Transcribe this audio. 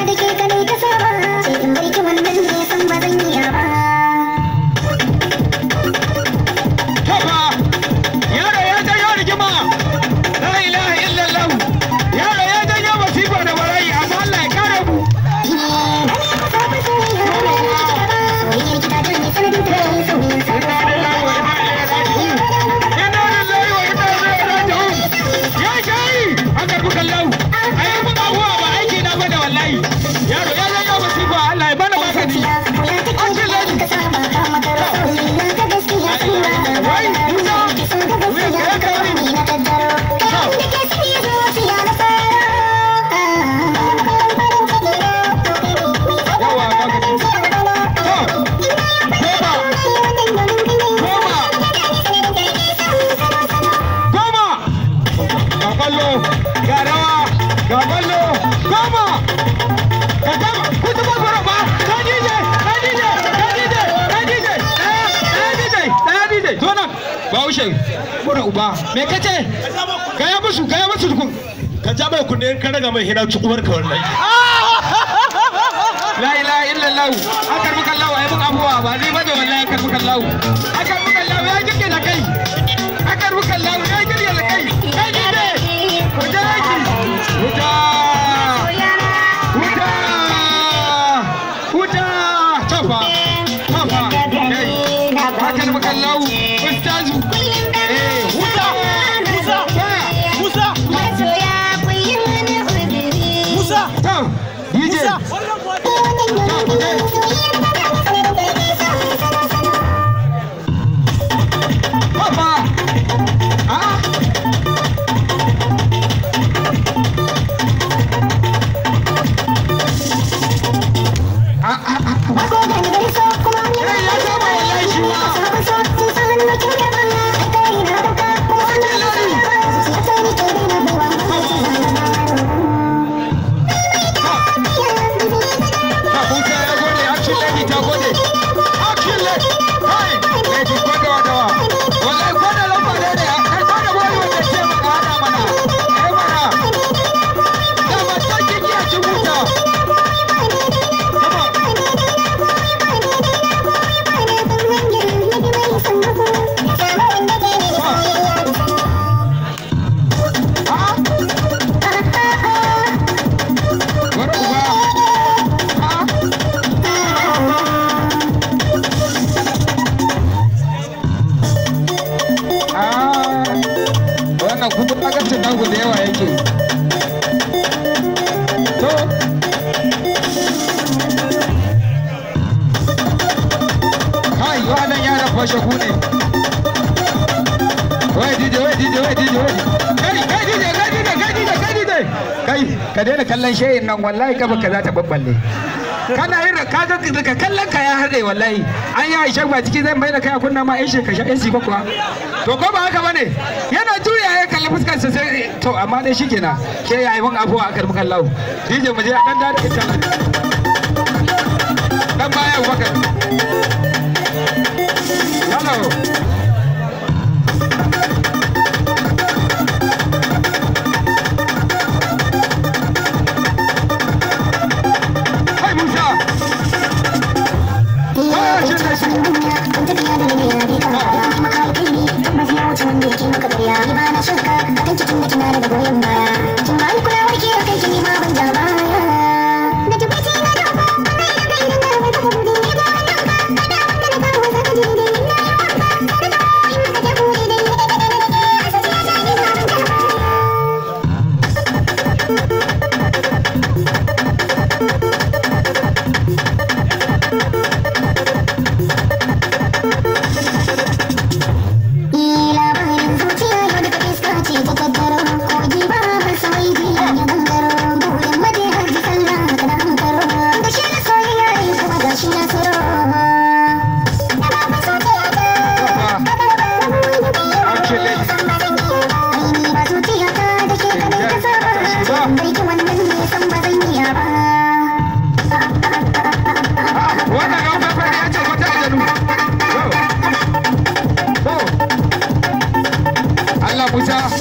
பாட்டு கேட்க ga rawa ga ballo ka ka ka ka ka ka ka uba musu musu ka mai kunne ka raga mai hira cikuwar ka wannan la ilaha illallah akar mukallahu ayyukan abuwa ba ni bane wallahi akar mukallahu akar mukallahu ya ji Hello. É akile hai lẹbi gbẹdọdọ wọlé gbẹdọdọ. yawa yake to kai wannan yara fashe ku ne wai dide wai dide wai dide wai kai kai dide kai dide kai dide kai dide kai ka daina kallon shehin nan wallahi ka za ta babballe kana yin ka ga kallon ka ya haɗe wallahi an yi aisha ba ciki zan bai da kai a kunna ma ai shekashe yan sifa kuwa to ko ba haka bane yana dai fuskar sa sai to amma dai shikenan ke yayi mun abuwa a mukan lawo DJ mu je dan da dan baya wakar 回家